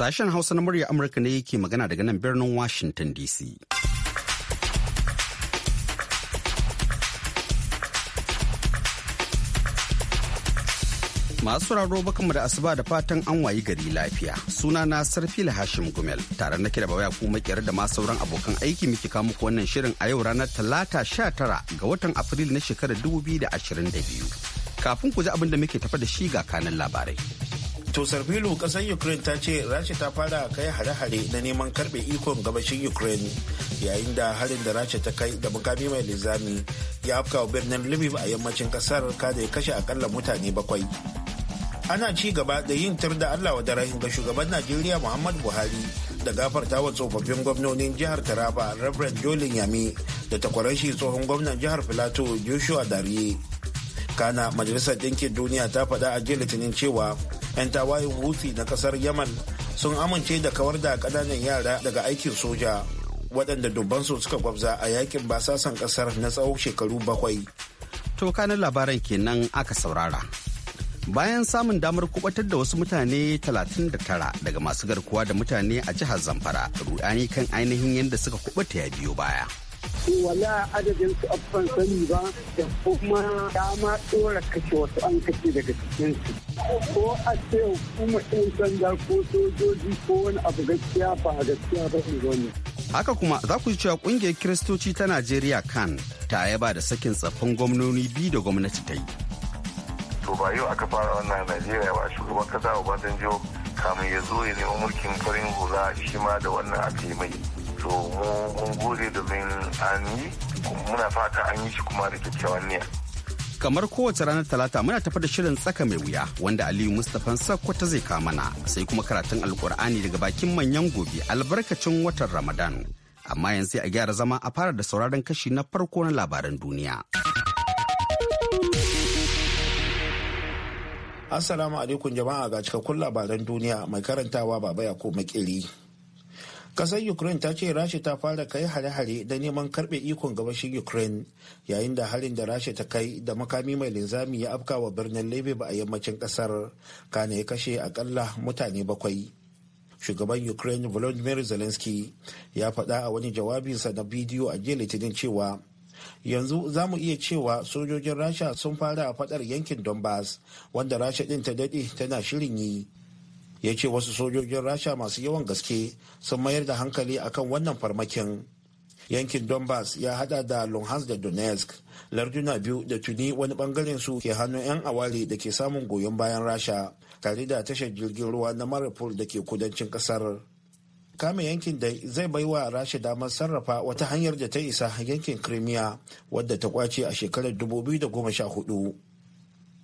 Sashen Hausa na murya Amurka ne yake magana daga nan birnin Washington DC. Masu raro bakanmu da asuba da fatan an wayi gari lafiya. Suna na Sarfi Hashim Gumel tare na da baya kuma kyar da ma sauran abokan aiki muke kawo muku wannan shirin a yau ranar Talata sha 19 ga watan Afrilu na shekarar da ashirin biyu. Kafin ku ji abin da muke tafa da shi ga kanan labarai. To sarbilu kasar Ukraine ta ce Rasha ta fara kai hare-hare na neman karbe ikon gabashin Ukraine yayin da harin da Rasha ta kai da mukami mai linzami ya afkawa birnin Lviv a yammacin kasar kada ya kashe akalla mutane bakwai. Ana ci gaba da yin tar da Allah wa daren ga shugaban Najeriya muhammadu Buhari da gafarta wa tsofaffin gwamnonin jihar Taraba Reverend Jolin Yami da takwararshi tsohon gwamnan jihar Filato Joshua Dariye. Kana Majalisar Ɗinkin Duniya ta faɗa a jiya Litinin cewa 'yan tawayen huthi na kasar yaman sun amince da kawar da kananan yara daga aikin soja waɗanda dubbansu suka gwabza a yakin basasan kasar na tsawon shekaru bakwai to kanin labaran kenan aka saurara bayan samun damar kubatar da wasu mutane 39 daga masu garkuwa da mutane a jihar zamfara rudani kan ainihin yadda suka kubata ya biyo baya wala adadin su abban sani ba da kuma dama dora kashe wasu an kashe daga cikin su ko a ce kuma yan sanda ko sojoji ko wani abu gaskiya ba gaskiya ba ne wani haka kuma za ku ji cewa ƙungiyar kiristoci ta najeriya kan ta yaba da sakin tsaffin gwamnoni biyu da gwamnati ta yi to ba yau aka fara wannan najeriya ba shugaban kasa obasanjo kamun ya zo ya nemi mulkin farin hula shi ma da wannan aka yi mai to mun gode domin an yi muna fata an yi shi kuma da kyakkyawan niyya kamar kowace ranar talata muna tafi da shirin tsaka mai wuya wanda aliyu mustapha sakkwata zai mana sai kuma karatun alkur'ani daga bakin manyan gobe albarkacin watan ramadan amma yanzu a gyara zama a fara da sauraron kashi na farko na labaran duniya assalamu alaikum jama'a ga cikakkun labaran duniya mai karantawa baba ya ko makiri Kasar Ukraine ta ce Rasha ta fara kai hare-hare da neman karbe ikon gabashin Ukraine yayin da harin da Rasha ta kai da makami mai linzami ya afka wa birnin Lviv a yammacin kasar kana ya kashe akalla mutane bakwai. Shugaban Ukraine Volodymyr Zelensky ya faɗa a wani jawabinsa na bidiyo a jiya Litinin cewa yanzu za mu iya cewa sojojin rasha sun fara a fadar yankin donbass wanda rasha din ta dade tana shirin yi ya ce wasu sojojin rasha masu yawan gaske sun mayar da hankali akan wannan farmakin yankin donbass ya hada da luhansk da donetsk larduna biyu da tuni wani bangaren su ke hannun 'yan awali da ke samun goyon bayan rasha tare da tashar jirgin ruwa na maripol da ke kudancin kasar kame yankin da zai bai wa rasha damar sarrafa wata hanyar da ta isa yankin crimea wadda ta kwace a shekarar 2014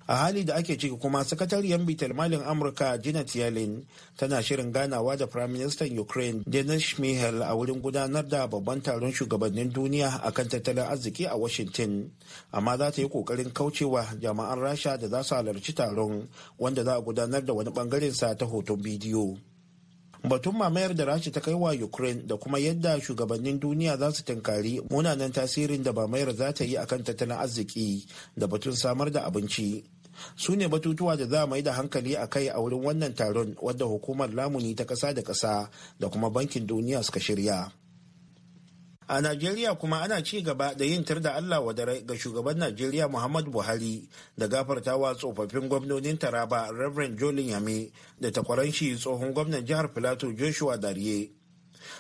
a hali da ake ciki kuma sakatariyar bitar malin amurka janet yellen tana shirin ganawa da prime minister ukraine denis a wurin gudanar da babban taron shugabannin duniya a kan tattalin arziki a washington amma za ta yi kokarin kaucewa jama'an rasha da za su halarci taron wanda za a gudanar da wani bangaren sa ta hoton bidiyo batun mamayar da rasha ta kai wa ukraine da kuma yadda shugabannin duniya za su tunkari munanan tasirin da mamayar za ta yi akan tattalin arziki da batun samar da abinci su ne batutuwa da za mai da hankali a kai a wurin wannan taron wadda hukumar lamuni ta kasa da kasa da kuma bankin duniya suka shirya a najeriya kuma ana ci gaba da yin tar da allah wadare ga shugaban najeriya muhammadu buhari da gafartawa tsofaffin gwamnonin taraba reverend jolin yame da takwaran shi tsohon gwamnan jihar filato joshua dariye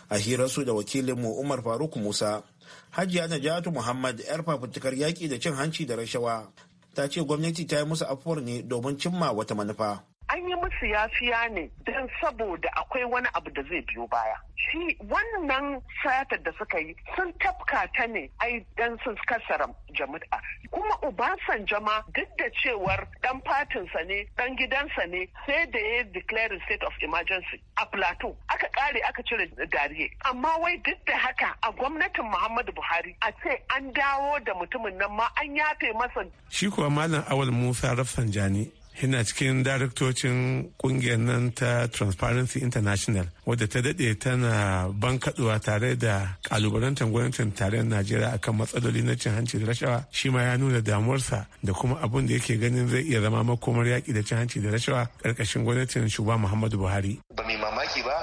a hirarsu da wakilinmu umar faruk musa hajiya najatu muhammad yar fafutukar yaƙi da cin hanci da rashawa ta ce gwamnati ta yi musu afuwar ne domin cimma wata manufa an yi musu yafiya ne don saboda akwai wani abu da zai biyo baya. Shi wannan satar da suka yi sun tafka ta ne ai dan sun kasara jama'a. Kuma Ubasan jama duk da cewar dan fatinsa ne dan gidansa ne sai da ya declare state of emergency a plateau aka kare aka cire dariye. Amma wai duk da haka a gwamnatin Muhammadu Buhari a ce an dawo da mutumin nan ma an yafe masa. Shi kuwa Malam Awal Musa Rafsanjani yana cikin daraktocin kungiyar nan ta transparency international wadda ta dade tana bankaduwa tare da kalubalantar gwamnatin tarayyar najeriya akan matsaloli na cin hanci da rashawa shi ma ya nuna damuwarsa da kuma abin da yake ganin zai iya zama makomar yaki da cin hanci da rashawa karkashin gwamnatin shugaba muhammadu buhari ba mai mamaki ba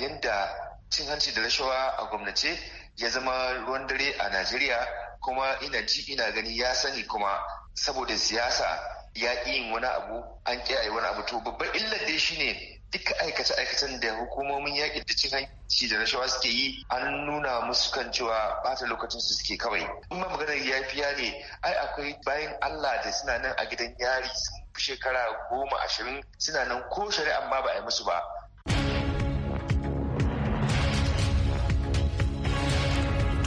yadda cin hanci da rashawa a gwamnati ya zama ruwan dare a najeriya kuma ina ji ina gani ya sani kuma saboda siyasa ya ƙi yin wani abu an ƙi yi wani abu to babban illar dai shi ne duka aikace-aikacen da hukumomin yaƙi da cin hanci da rashawa suke yi an nuna musu kan cewa bata lokacin su suke kawai in ma maganar yafiya ne ai akwai bayan Allah da suna nan a gidan yari sun fi shekara goma ashirin suna nan ko shari'an ma ba a yi musu ba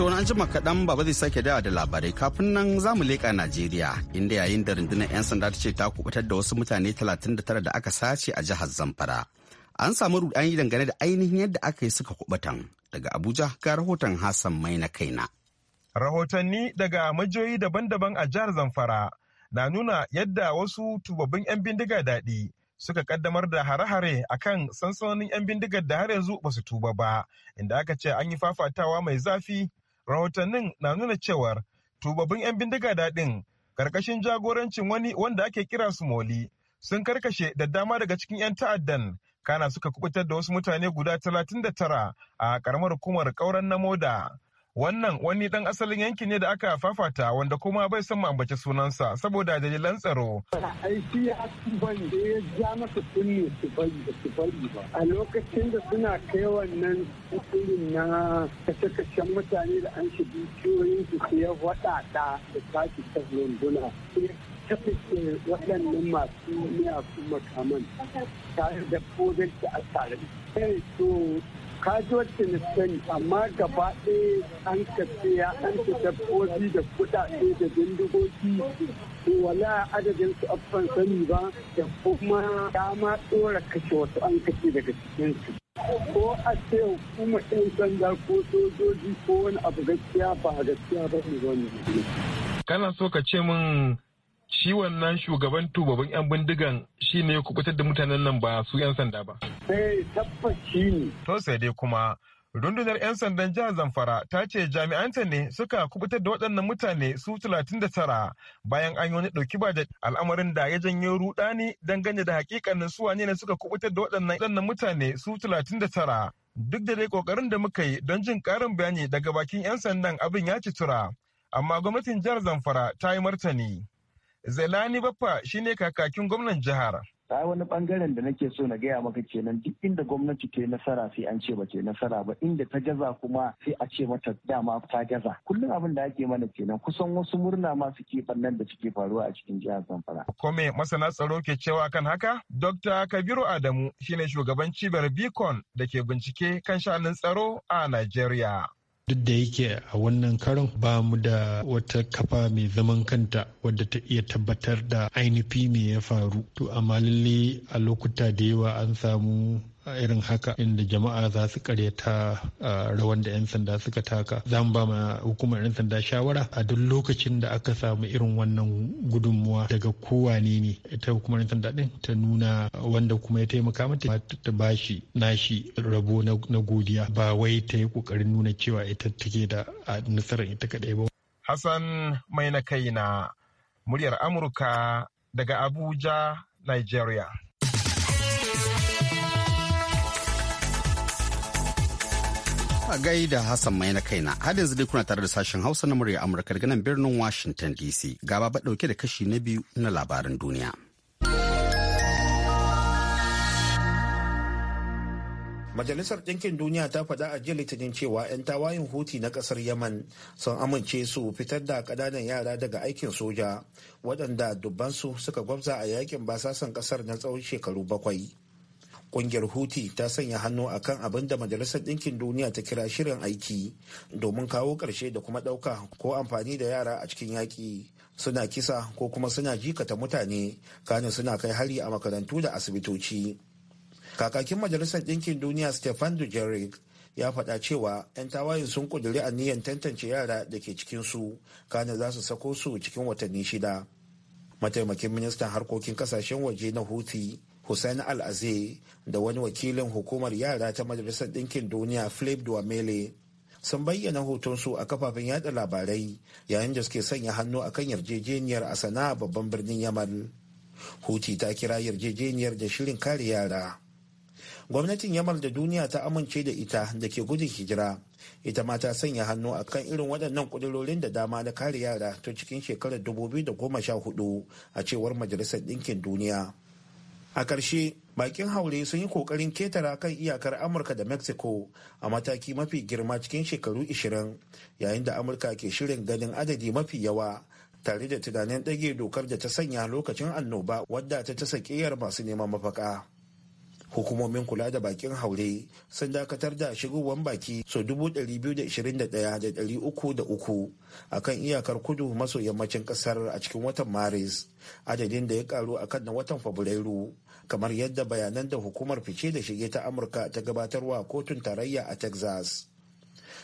to an jima kaɗan baba zai sake dawa da labarai kafin nan za mu leƙa najeriya inda yayin da rundunar 'yan sanda ta ce ta kubutar da wasu mutane 39 da aka sace a jihar zamfara an samu rudani dangane da ainihin yadda aka yi suka kubutan daga abuja ga rahoton hassan mai na kaina rahotanni daga majoyi daban-daban a jihar zamfara na nuna yadda wasu tubabbin 'yan bindiga daɗi suka kaddamar da hare-hare a kan sansanonin 'yan bindigar da har yanzu ba su tuba ba, inda aka ce an yi fafatawa mai zafi rahotannin na nuna cewar tubabbin 'yan bindiga daɗin karkashin jagorancin wani wanda ake kira su moli sun karkashe da dama daga cikin 'yan ta'addan kana suka kubutar da wasu mutane guda 39 a karamar hukumar kauran na moda Wannan wani dan asalin yankin ne da aka fafata wanda kuma bai san mu ambaci sunansa saboda dalilan tsaro. Ai ya da ya ja masa kunne su bari da ba. A lokacin da suna kai wannan irin na Kace-kacen mutane da an shi dukiyoyin su ya waɗaɗa da sake ta lunduna. Sai waɗannan masu miyagun makaman tare da kodar da a tare. so ka ji na amma gaba ɗaya an kace ya an ta dabbobi da kuɗaɗe da bindigogi to wala adadin su abban sani ba da kuma ya ma ɗora kashe wasu an kashe daga cikinsu. ko a ce kuma ɗan sanda ko sojoji ko wani abu gaskiya ba gaskiya ba ne wani. kana so ka ce min shi wannan shugaban tubaban 'yan bindigan shi ne ya kubutar da mutanen nan ba su 'yan sanda ba. Eh, to sai dai kuma rundunar 'yan sandan jihar Zamfara ta ce jami'anta ne suka kubutar da waɗannan mutane su 39 bayan an yi wani ɗauki ba da al'amarin da ya janyo rudani dangane da hakikanin su wane ne suka kubutar da waɗannan mutane su 39 duk da dai kokarin da muka yi don jin karin bayani daga bakin 'yan sandan abin ya ci tura amma gwamnatin jihar Zamfara ta yi martani. Zelani Baffa shine kakakin gwamnan jihar. Ta wani bangaren da nake so na gaya maka kenan duk inda gwamnati ta nasara sai an ce ba ta nasara ba inda ta gaza kuma sai a ce mata dama ta gaza kullum abin da ake mana kenan kusan wasu murna ma suke bannan da suke faruwa a cikin jihar Zamfara kome masana tsaro ke cewa kan haka Dr. Kabiru Adamu shine shugaban cibiyar Bikon da ke bincike kan sha'anin tsaro a Najeriya duk da yake a wannan karon ba mu da wata kafa mai zaman kanta wadda ta iya tabbatar da ainihi mai ya faru to amma lalle a lokuta da yawa an samu A irin haka inda jama'a za su ta rawan da 'yan sanda suka taka za mu ba ma hukumar 'yan sanda shawara a duk lokacin da aka samu irin wannan gudunmuwa daga kowane ne ita hukumar 'yan sanda din ta nuna wanda kuma ya taimaka mata ta bashi nashi rabo na godiya ba wai ta yi kokarin nuna cewa ita take da nasarar ita kadai ba hassan mai na kai na muryar amurka daga abuja nigeria a gaida Hassan mai na kaina. Har yanzu dai kuna tare da sashen Hausa na murya Amurka daga nan birnin Washington DC. Gaba ba dauke da kashi na biyu na labaran duniya. Majalisar Ɗinkin Duniya ta faɗa a jiya Litinin cewa 'yan tawayin Huti na ƙasar Yaman sun amince su fitar da ƙananan yara daga aikin soja waɗanda dubbansu suka gwamza a yakin basasan ƙasar na tsawon shekaru bakwai. Ƙungiyar Huti ta sanya hannu a kan abin da Majalisar Ɗinkin Duniya ta kira shirin aiki domin kawo ƙarshe da kuma ɗauka ko amfani da yara a cikin yaƙi. Suna kisa ko kuma suna jikata mutane, kane suna kai hari a makarantu da asibitoci. Kakakin Majalisar Ɗinkin Duniya Stefan dujeric ya faɗa cewa 'yan tawayen sun ƙudiri aniyan tantance yara da ke cikinsu, kane za su sako su cikin watanni shida. mataimakin ministan harkokin ƙasashen waje na Huti. Hussein aze da wani wakilin hukumar yara ta Majalisar dinkin Duniya Philip Duamele sun bayyana hotonsu a kafafen yada labarai yayin da suke sanya hannu akan yarjejeniyar a sana'a babban birnin Yamal. Huti ta kira yarjejeniyar da shirin kare yara. Gwamnatin Yamal da duniya ta amince da ita da ke gudun hijira. Ita ma ta sanya hannu a kan irin waɗannan ƙudurorin da dama na kare yara ta cikin shekarar 2014 a cewar Majalisar Ɗinkin Duniya. a ƙarshe bakin haure sun yi ƙoƙarin ketara kan iyakar amurka da mexico a mataki mafi girma cikin shekaru 20 yayin da amurka ke shirin ganin adadi mafi yawa tare da tunanin ɗage dokar da ta sanya lokacin annoba wadda ta ta sakiyar masu neman mafaka hukumomin kula da bakin haure sun dakatar da shigowar baki so 221,303 a kan iyakar kudu maso yammacin kasar a cikin watan maris adadin da ya karu a kan na watan fabrairu kamar yadda bayanan da hukumar fice da shige ta amurka ta gabatarwa kotun tarayya a texas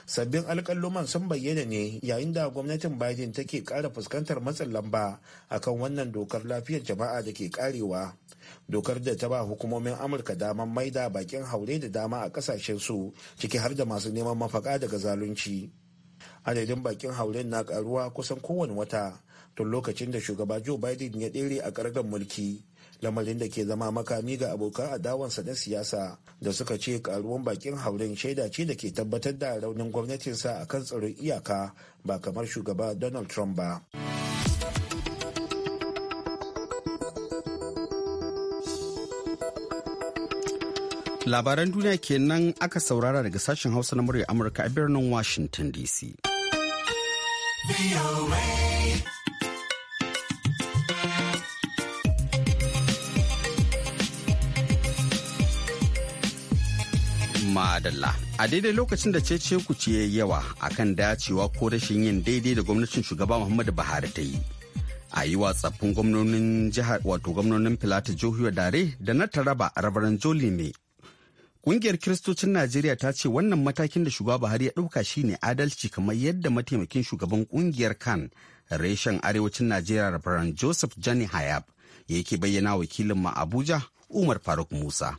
sabbin alƙalluman sun bayyana ne yayin da gwamnatin biden take ƙara fuskantar matsin lamba akan wannan dokar lafiyar jama'a da ke karewa dokar da ta ba hukumomin amurka daman maida bakin haure da dama a su ciki har da masu neman mafaka daga zalunci adadin bakin haure na karuwa kusan kowane wata tun lokacin da shugaba joe biden ya ɗere a ƙargan mulki lamarin da ke zama makami ga abokan adawansa na siyasa da suka ce karuwan bakin hauren shaida ce da ke tabbatar da raunin gwamnatinsa a kan tsaron iyaka ba kamar shugaba donald trump ba labaran duniya kenan aka saurara daga sashen hausa na murya amurka a birnin washington dc Madalla. A daidai lokacin da cece ku ce yawa akan dacewa ko rashin yin daidai da gwamnatin shugaba Muhammadu Buhari ta yi. A yi wa tsaffin gwamnonin jihar wato gwamnonin Filata Jihohiyar Dare da na Taraba Rabaran Joli ne. Kungiyar Kiristocin Najeriya ta ce wannan matakin da shugaba Buhari ya ɗauka shine adalci kamar yadda mataimakin shugaban kungiyar kan reshen arewacin Najeriya Rabaran Joseph Jani Hayab yake bayyana wakilin ma Abuja Umar Faruk Musa.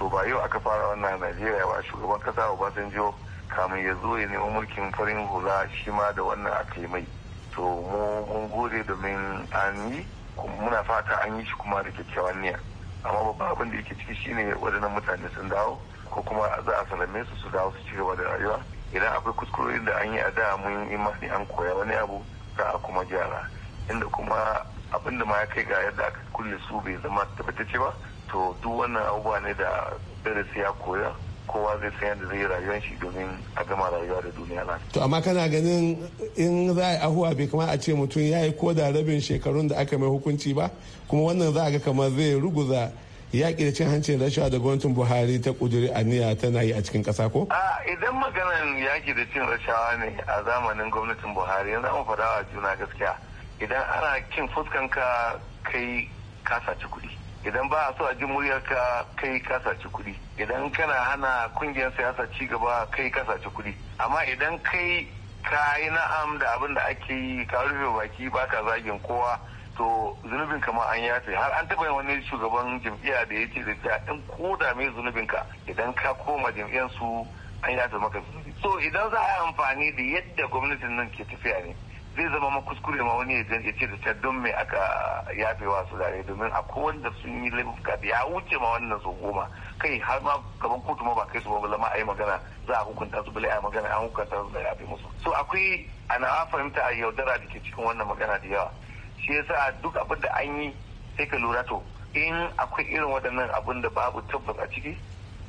to ba yau aka fara wannan najeriya ba shugaban kasa obasanjo kamun ya zo ya nemi mulkin farin hula shi ma da wannan aka yi mai to mu mun gode domin an yi muna fata an yi shi kuma da kyakkyawan niyya amma babban abin da yake ciki shine waɗannan mutane sun dawo ko kuma za a salame su su dawo su ci gaba da rayuwa idan akwai kuskuren da an yi a da mun yi imani an koya wani abu za a kuma gyara inda kuma abin da ma ya kai ga yadda aka kulle su bai zama tabbatacce ba to duk wannan abubuwa ne da darasi ya koya kowa zai san yadda zai rayuwar shi domin a gama rayuwa da duniya lafi. To amma kana ganin in za a yi ahuwa bai kama a ce mutum ya yi ko da rabin shekarun da aka mai hukunci ba kuma wannan za a ga kamar zai ruguza yaƙi da cin hancin rashawa da gwamnatin Buhari ta a aniya tana yi a cikin ƙasa ko? A idan maganan yaƙi da cin rashawa ne a zamanin gwamnatin Buhari yanzu an faɗa wa juna gaskiya idan ana cin fuskanka kai ka saci kuɗi idan ba a so a jimuriyar ka kai ka kuɗi idan kana hana kungiyar siyasa ci gaba kai ka kuɗi amma idan kai ka yi na'am da abin da ake yi ka rufe baki ba ka zagin kowa to zunubin kama an yafe har an taɓa yin wani shugaban jam'iyya da ya ce da in ko da mai zunubin ka idan ka koma jam'iyyar su an yafe maka zunubi so idan za a yi amfani da yadda gwamnatin nan ke tafiya ne zai zama makuskure ma wani ya ce da ta don mai aka yafe wa su domin a wanda sun yi laifuka ya wuce ma wannan su goma kai har ma gaban kotu ma ba kai su ba zama a yi magana za a hukunta su bala a magana an hukunta su da yafe musu so akwai ana fahimta a yaudara da ke cikin wannan magana da yawa shi yasa duk abin da an yi sai ka lura to in akwai irin waɗannan abun da babu tabbas a ciki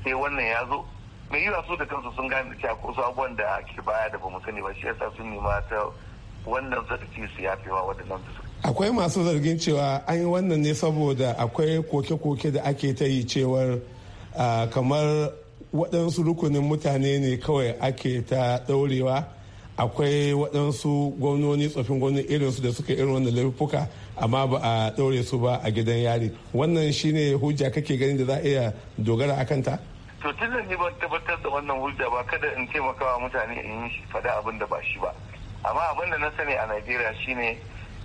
sai wannan ya zo mai yiwa su da kansu sun gane da cewa ko su abubuwan da ke baya da bamu sani ba shi yasa sun nema ta wannan zargin su yafewa waɗannan su akwai masu zargin cewa an yi wannan ne saboda akwai koke-koke da ake ta yi cewar kamar waɗansu rukunin mutane ne kawai ake ta ɗaurewa akwai waɗansu gwamnoni tsofin gwamnoni irinsu da suka irin wannan laifuka amma ba a ɗaure su ba a gidan yari wannan shine hujja kake ganin da za a iya dogara a kanta to tun ban tabbatar da wannan hujja ba kada in taimakawa mutane in yi faɗa abin ba shi ba amma abin da na sani a najeriya shine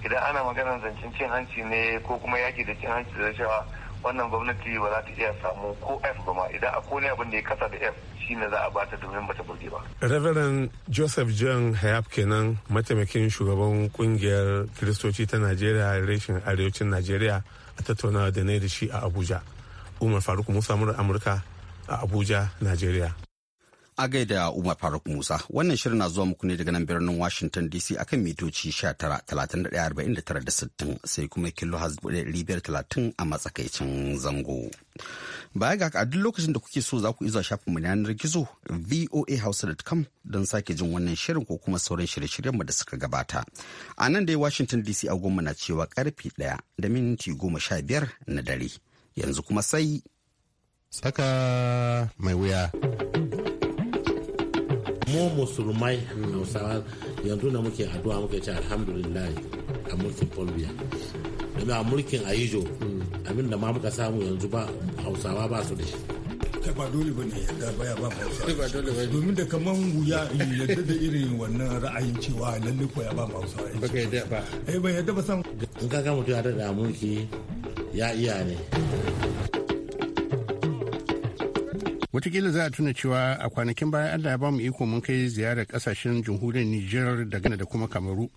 idan ana maganar zancen cin hanci ne ko kuma yaki da cin hanci da rashawa wannan gwamnati ba za ta iya samu ko f ba ma idan a kone abin da ya kasa da f shine za a bata domin bata burge ba. Reverend Joseph John Hayab kenan mataimakin shugaban kungiyar Kiristoci ta Najeriya reshen arewacin Najeriya a tattaunawa da na da shi a Abuja. Umar Faruk Musa Amurka a Abuja, Najeriya. A gaida Umar Faruk Musa, wannan shirin na zuwa muku ne daga nan birnin Washington DC akan mitoci 19,31,49,60 sai kuma kilo 530 a matsakaicin zango. Baya ga a duk lokacin da kuke so za ku izuwa shafin mu yanar gizo voahouse.com don sake jin wannan shirin ko kuma sauran shirye-shiryenmu da suka gabata. A nan dai Washington DC goma na cewa karfe ɗaya da minti goma sha biyar na dare. Yanzu kuma sai. Saka mai wuya. mu musulmai hausawa yanzu na muke addu'a muke ce alhamdulillah a mulkin folbiya domin a mulkin ayijo abin da ma muka samu yanzu ba hausawa ba su da shi ba dole ba ne yadda baya ba hausawa domin da kaman wuya yadda da irin wannan ra'ayin cewa lalle ko ya ba hausawa ba ka yadda ba eh ba yadda ba san in ka ga mutum ya da mulki ya iya ne Wataƙila za a tuna cewa a kwanakin baya allah ya bamu iko mun kai ziyarar kasashen jamhuriyar nijar da ghana da kuma kamaru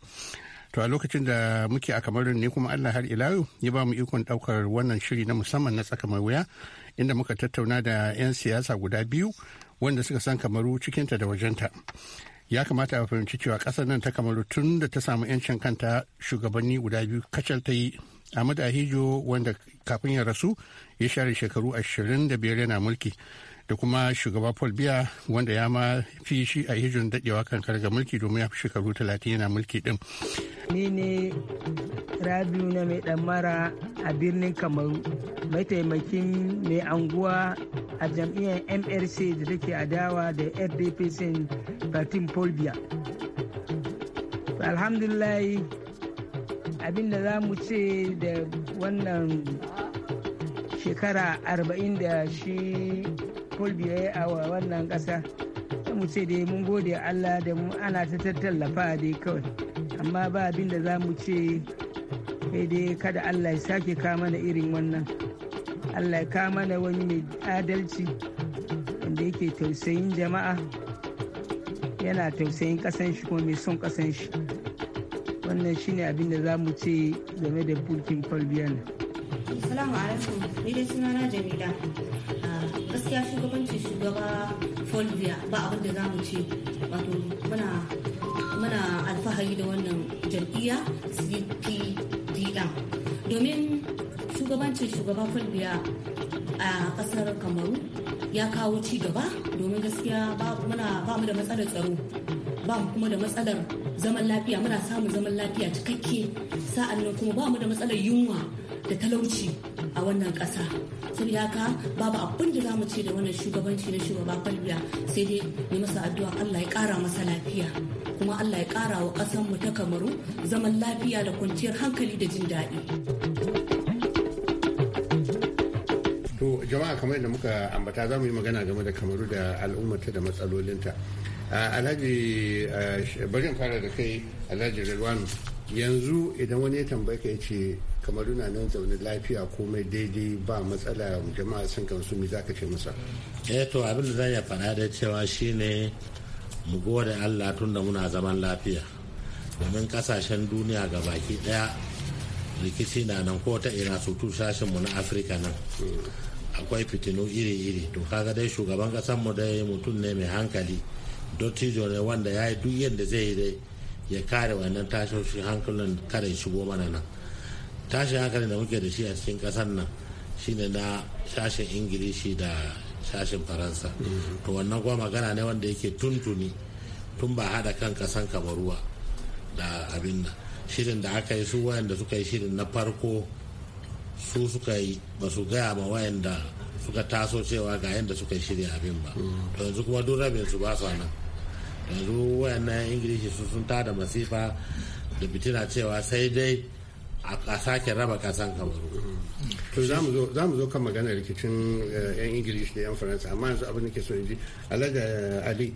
to a lokacin da muke a kamaru ne kuma allah har ila yau ya bamu ikon ɗaukar wannan shiri na musamman na tsaka mai wuya inda muka tattauna da 'yan siyasa guda biyu wanda suka san kamaru cikinta da wajenta ya kamata a fahimci cewa kasar nan ta kamaru tun da ta samu 'yancin kanta shugabanni guda biyu kacal ta yi ahmad ahijo wanda kafin ya rasu ya share shekaru 25 yana mulki da kuma shugaba paul biya wanda ya ma fi shi a hijin daɗewa kan karga mulki domin ya fi shekaru talatin yana mulki din ni ne rabiu na mai damara a birnin kamaru taimakin mai anguwa a jam'iyyar mrc da take adawa da fdp sin patin paul biya alhamdulillah abinda za mu ce da wannan shekara arba'in da shi mulbiya a wannan ƙasa sai mu ce dai mun gode allah da mu ana ta tattallafa dai kawai amma ba abin da za mu ce sai dai kada allah ya sake kama na irin wannan allah ya kama na wani mai adalci wanda yake tausayin jama'a yana tausayin kasan shi kuma mai son kasan shi wannan shine abin da za mu ce game da bulkin kwalbiya na. Assalamu alaikum, ni dai sunana Jamila. Ah, gaskiya shugaban folvia ba abin da za mu ce wato muna alfahari da wannan jam'iyya cpdm domin shugabancin shugaban folvia a kasar kamaru ya kawo ci gaba domin gaskiya ba mu da matsalar tsaro ba mu kuma da matsalar zaman lafiya muna samun zaman lafiya cikakke sa'an nan kuma ba mu da matsalar yunwa da talauci a wannan ƙasa saboda haka babu abin da zamu ce da wannan shugabanci na shugaba kwalbiya sai dai ne masa addu'a allah ya ƙara masa lafiya kuma allah ya ƙara wa ƙasar mu ta kamaru zaman lafiya da kwanciyar hankali da jin daɗi to jama'a kamar yadda muka ambata za mu yi magana game da kamaru da al'ummata da matsalolinta alhaji eh, bari fara da kai alhaji rilwanu yanzu idan wani ya tambaye ka ya ce kamar yana nan zaune lafiya komai daidai ba matsala jama'a sun gamsu me za ka ce masa eh to abin da zan ya faɗa da cewa shine mu gode Allah tun da muna zaman lafiya domin kasashen duniya ga baki ɗaya rikici na nan ko ta ina su mu na afirka nan akwai fitinu iri-iri to kaga dai shugaban kasan mu dai mutum ne mai hankali dottijo ne wanda ya yi duk yadda zai yi dai ya kare wannan tashoshin hankalin kare ya shigo mana nan tashin hankali da muke da shi a cikin kasar nan shine na sashen ingilishi da sashen faransa mm-hmm. to wannan kuma magana ne wanda yake tuntuni tun ba haɗa kan kasan kamaruwa da abin nan shirin da aka yi su wayanda suka yi shirin na farko su suka yi ba su gaya ma wayanda suka taso cewa ga yadda suka yi shirya abin ba mm-hmm. to yanzu kuma duk rabin su ba su nan yanzu wayannan ingilishi su sun tada masifa da bitina cewa sai dai a sake raba kasan kamaru mm. to za mu zo kan magana rikicin eh, yan ingilish da yan faransa amma yanzu abin da ke so ji alaga eh, ali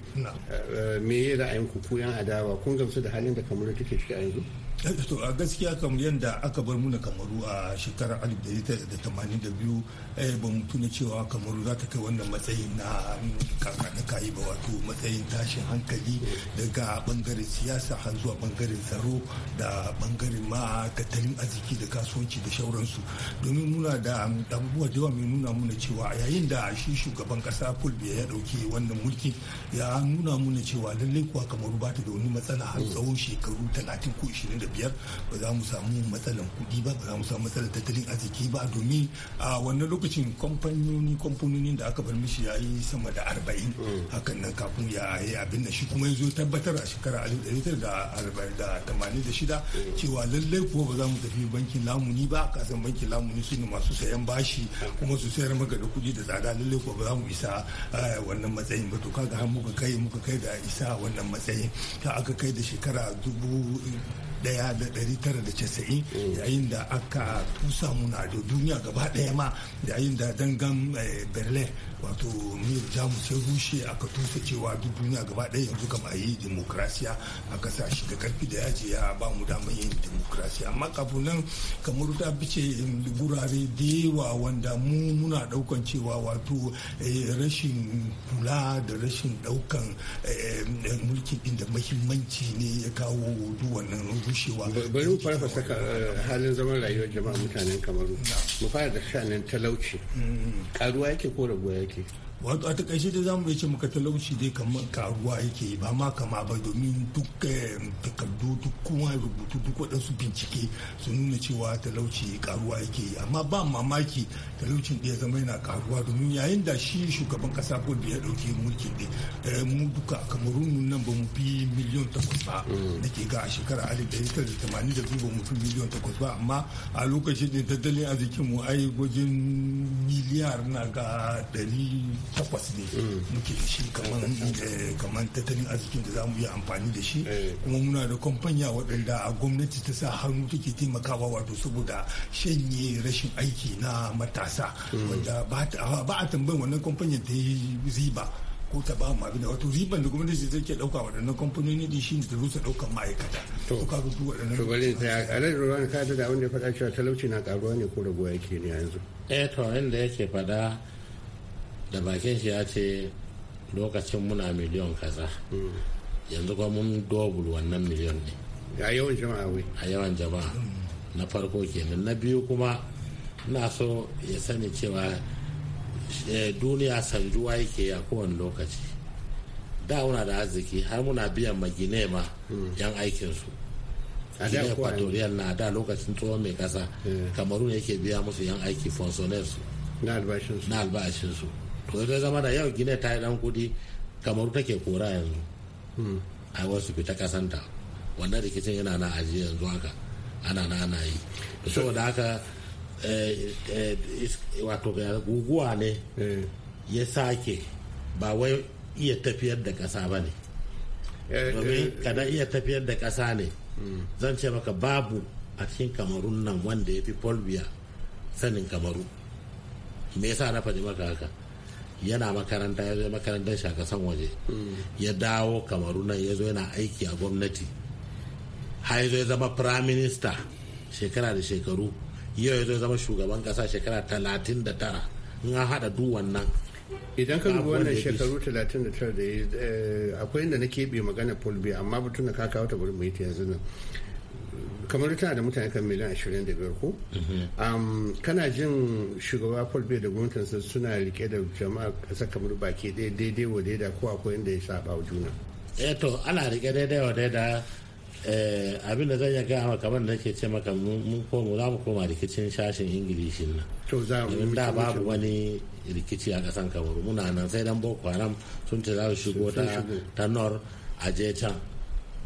eh, me yi ra'ayin ku ku yan adawa kun gamsu da halin da kamaru take ciki a yanzu to a gaskiya kamar yadda aka bar muna kamaru a shekarar 1982 eh, ba mutu tuna cewa kamaru za ta kai wannan matsayin na kaka da kayi ba wato matsayin tashin hankali daga bangaren siyasa har zuwa bangaren tsaro da bangaren ma tattalin arziki da kasuwanci da shauransu domin muna da abubuwa da yawa mai nuna muna cewa yayin da shi shugaban kasa fulbiya ya dauke wannan mulki ya nuna muna cewa lallai kuwa kamaru ba ta da wani matsala har tsawon shekaru 30 ko 20 biyar ba za mu samu matsalan kuɗi ba ba za mu samu matsalan tattalin arziki ba domin a wannan lokacin kamfanoni kamfanoni da aka bar mishi ya yi sama da arba'in mm. hakan nan kafin ya yi abin da shi kuma ya zo tabbatar a shekara alif ɗari tara da arba'in da tamanin da shida mm. cewa lallai kuwa ba za mu tafi bankin lamuni ba kasan bankin lamuni su ne masu sayan bashi kuma su sayar maka da kuɗi da tsada lallai kuwa ba za mu isa wannan matsayin ba to kaga har muka kai muka kai da isa wannan matsayin ta aka kai da shekara dubu ɗaya da ɗari tara da casa'in yayin da aka tusa muna da duniya gaba ɗaya ma yayin da dangan eh, berlin wato mil jamus ya rushe aka tusa cewa duk duniya gaba ɗaya yanzu kama a yi demokrasiya a kasa shi da karfi da yaji ya ba mu dama yin demokrasiya amma kafin nan kamar ta bice gurare da yawa wanda mu muna ɗaukan cewa wato eh, rashin kula da rashin ɗaukan eh, mulkin inda mahimmanci ne ya kawo duk wannan rushewa bari mu fara fasa eh, halin zaman rayuwar jama'a mutanen kamaru mu fara da shanin talauci mm-hmm. karuwa yake ko raguwa yake wato a takaice da zamu iya ce maka talauci dai kamar karuwa yake ba ma kama ba domin duk eh, takardu duk kuma rubutu duk waɗansu bincike sun nuna cewa talauci karuwa yake amma ba mamaki talaucin da ya zama yana karuwa domin yayin da shi shugaban kasa ko da ya mulkin mulki ne eh, mu duka a kamarun nan ba mu fi miliyan takwas ba nake mm. ga a shekara alif da tara da tamanin da ba mu fi miliyan takwas ba amma a lokacin da tattalin arzikin mu ai gwajin miliyar na ga ɗari takwas ne mm. muke da shi eh, kamar tattalin arzikin da za mu yi amfani da shi eh. kuma muna da kamfanya waɗanda a gwamnati ta sa hannu take taimakawa wato saboda shanye rashin aiki na matasa mm. wanda ba a tambayin wannan kamfanyan ta yi ziba ko ta ba mu abin wato riban da gwamnati ta ke dauka waɗannan kamfanoni shi ne ta rusa daukan ma'aikata to ka rubu waɗannan to bari ta da ruwan ka da wanda ya faɗa cewa talauci na karuwa ne ko raguwa yake ne yanzu eh to yanda yake faɗa da bakin shi ya ce lokacin muna miliyon kaza hmm. yanzu kuma mun dobul wannan miliyon ne a yawan jama'a wai a yawan jama'a na farko kenan na biyu kuma na so ya sani cewa eh, duniya sanjuwa yake a kowane lokaci da muna da arziki har muna biyan magine ma hmm. yan aikinsu gine equatorial na da lokacin tsohon mai kasa hmm. kamaru yake biya musu yan aiki fonsonersu na albashinsu to ta zama da yau gine ta yi dan kuɗi kamar take kora yanzu hmm. a wasu fita kasanta wannan rikicin yana na ajiye yanzu haka ana na ana yi saboda haka eh, eh, wato guguwa ne eh. ya sake ba wai iya tafiyar da kasa ba ne domin kada iya tafiyar da kasa ne hmm. zan ce maka babu a cikin kamarun nan wanda ya fi folbiya sanin kamaru me yasa na faɗi maka haka yana makaranta ya zo makarantar shi a kasan waje ya dawo kamaru nan ya zo yana aiki a gwamnati har ya zo ya zama prime minister shekara da shekaru yau ya zo ya zama shugaban kasa shekara talatin da tara in an hada duk wannan idan ka dubi wannan shekaru 39 da eh, akwai inda na keɓe magana polbe amma batun da ka kawo ta bari mu yi ta yanzu nan kamar tana da mutane kan miliyan ashirin 25 ko mm-hmm. kana jin shugaba paul bai da gwamnatinsa suna rike da jama'a ƙasa kamar baki daidai wa daida ko akwai inda ya saba juna eto eh ana rike daidai wa daida eh, abin da zan yi gaya maka kamar da ke ce maka mun komo za mu koma rikicin shashin ingilishin nan to za mu da babu wani rikici a kasan kamar muna nan sai dan boko haram sun ce za su shigo ta nor a je can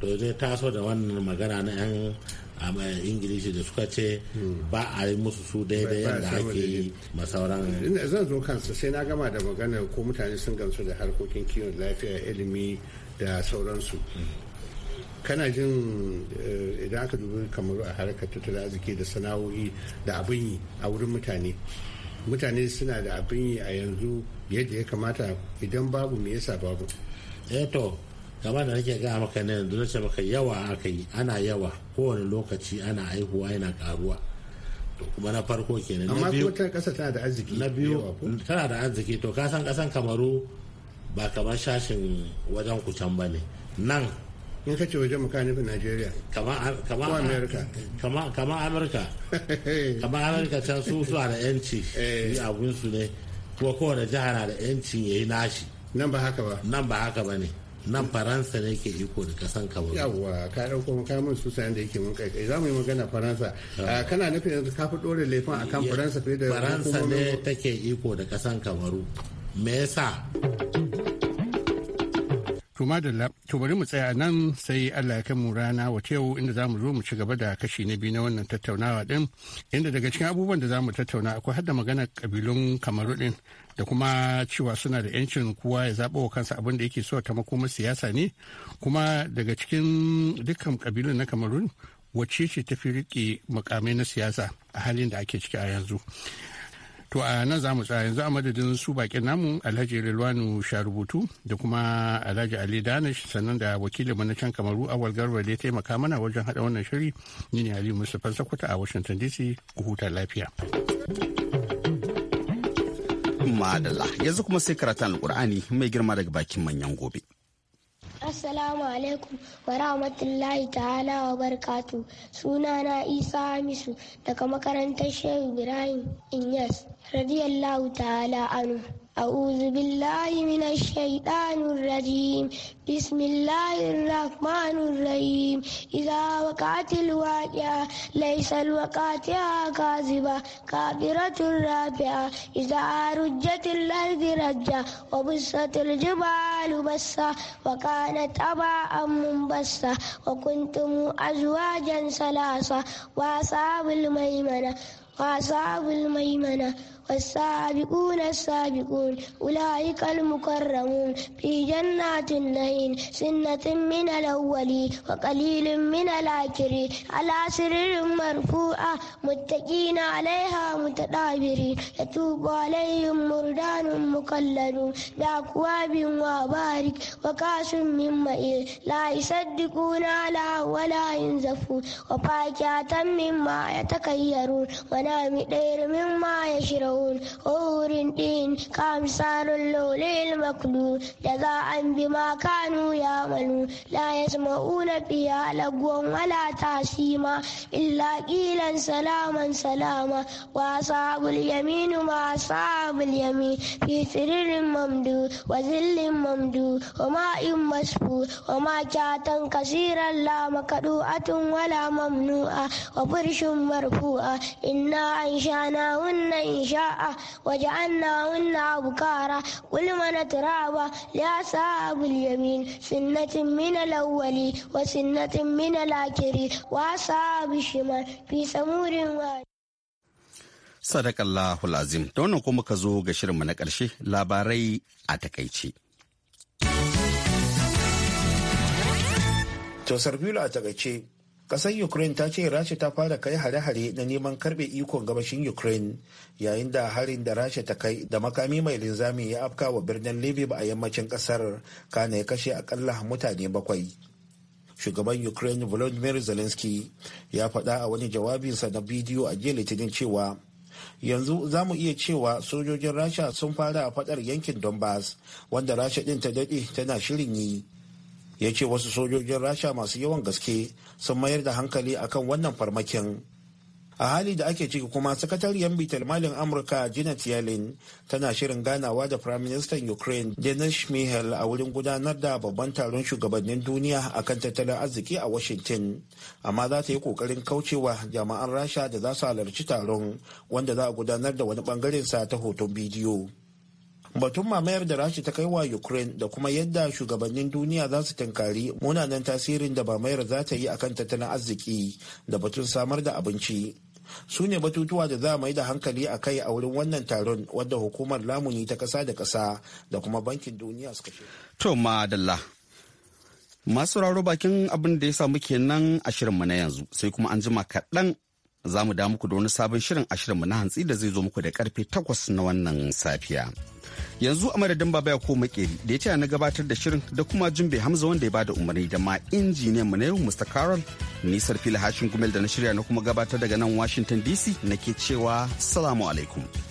to zai taso da wannan magana na 'yan ingilishi da suka ce ba a yi musu su daidai yadda ake yi masauran zan zo kansa sai na gama da magana ko mutane sun gamsu da harkokin kiwon lafiya ilimi da sauransu kana jin eh, idan aka dubi kamar a harkar tattalin arziki da sana'o'i da abin yi a wurin mutane mutane suna da abin yi a yanzu yadda ya kamata idan babu me yasa babu eto eh kamar da nake gaya maka ne yanzu nace maka yawa aka yi ana yawa kowane lokaci ana haihuwa yana karuwa to kuma na farko kenan amma kuma ta kasa tana da arziki na biyu tana da arziki to ka san kasan kamaru ba kamar shashin wajen ku can bane nan in ka ce wajen muka nufin Najeriya kama Amerika kama Amerika kama Amerika can su suna da yanci yi eh. abun ne kuma kowane jihar na da yancin yayi nashi nan ba haka ba nan ba haka ba ne nan faransa ne ke iko da kasan kamaru yawwa ka dauko mun su sayan da yake mun kai za mu yi magana faransa ah. Ah, kana nufin yanzu ka fi dore laifin akan faransa fiye da faransa ne take iko da kasan kamaru me yasa lab. To bari mu tsaya nan sai Allah ya kai mu rana wata yau inda za mu zo mu ci gaba da kashi na biyu na wannan tattaunawa din inda daga cikin abubuwan da za mu tattauna akwai hada magana kabilun kamaru din da kuma cewa suna da yancin kowa ya zaɓa wa kansa abin da yake so ta makomar siyasa ne kuma daga cikin dukkan kabilun na kamaru wacce ce tafi riƙe mukamai na siyasa a halin da ake ciki a yanzu. To a nan za mu tsaya yanzu a madadin su bakin namu Alhaji Rilwanu rubutu da kuma Alhaji Ali Danish sannan da wakilinmu na can Kamaru Awal Garba da ya taimaka mana wajen haɗa wannan shiri ni ne Ali Mustapha Sakwata a Washington DC ku huta lafiya. Madalla yanzu kuma sai karatan alkur'ani mai girma daga bakin manyan gobe. Assalamu alaikum wa rahmatullahi ta'ala wa barkatu. Sunana Isa Hamisu daga makarantar Shehu Ibrahim Inyas. Radiyallahu ta'ala anu. أعوذ بالله من الشيطان الرجيم بسم الله الرحمن الرحيم إذا وقعت الواقعة ليس الوقعتها كاذبة كابرة رابعة إذا رجت الأرض رجة وبست الجبال بسة وكانت أباء منبسة وكنتم أزواجا ثلاثة وأصحاب الميمنة وأصحاب الميمنة والسابقون السابقون أولئك المكرمون في جنات النعيم سنة من الأولين وقليل من الآخرين على سرر مرفوعة متكئين عليها متدابرين يتوب عليهم مردان مقلدون بأكواب وبارك وكاس من معين لا يصدقون على ولا ينزفون وفاكهة مما يتكيرون ونام مما يشربون Oh wurin ɗaya ne ka fi sa ran za a bi ma kanu ya malu. Na yasi mauna biya lago wala ta shima. Inna ƙilan salaman salama. Wa sabul yaminu ma sabul yaminu. Fitirin Mamdu wazirin Mamdu. Wa ma in masfu. Wa ma kyauta kajirar lama kadu. A tun wala man mu a marfua. Inna an sha hunna nan sha. ra'a wa ja'anna wunna abu kara kullu mana turaba ya sa abul yamin sunnatin min alawwali wa sunnatin min alakhiri wa sa bi shiman fi samurin wa sadaqallahu alazim to kuma ka zo ga shirin mu na karshe labarai a takeici Tosar biyu a takaice Ƙasar Ukraine ta ce Rasha ta fara kai hare-hare na neman karbe ikon gabashin Ukraine yayin da harin da Rasha ta kai da makami mai linzami ya afka wa birnin Lviv a yammacin ƙasar kana ya kashe akalla mutane bakwai. Shugaban Ukraine Volodymyr Zelensky ya faɗa a wani jawabinsa na bidiyo a jiya Litinin cewa yanzu za mu iya cewa sojojin rasha sun fara a fadar yankin donbass wanda rasha din ta daɗe tana shirin yi ya ce wasu sojojin rasha masu yawan gaske sun mayar da hankali akan wannan farmakin a hali da ake ciki kuma sakatariyar bitar malin amurka janet yellen tana shirin ganawa da prime minister ukraine denis schmihel a wurin gudanar da babban taron shugabannin duniya akan tattalin arziki a washington amma za ta yi kokarin kaucewa jama'an rasha da za su halarci taron wanda za a gudanar da wani bangaren sa ta hoton bidiyo batun mamayar da rashi ta kai wa ukraine da kuma yadda shugabannin duniya za su tunkari munanan tasirin da mamayar za ta yi akan tattalin arziki da batun samar da abinci su ne batutuwa da za mai da hankali a kai a wurin wannan taron wadda hukumar lamuni ta kasa da kasa da kuma bankin duniya suka ce. to madalla masu raro bakin abin da ya samu kenan a shirinmu na yanzu sai kuma an jima kaɗan za mu da muku da wani sabon shirin a shirinmu na hantsi da zai zo muku da karfe takwas na wannan safiya. yanzu a madadin baba ya koma makeri da ya ce na gabatar da shirin da kuma jumbe hamza wanda ya bada umarni da ma injiniyan mu na yau mr carol nisar fili hashin gumel da na shirya na kuma gabatar daga nan washington dc nake cewa salamu alaikum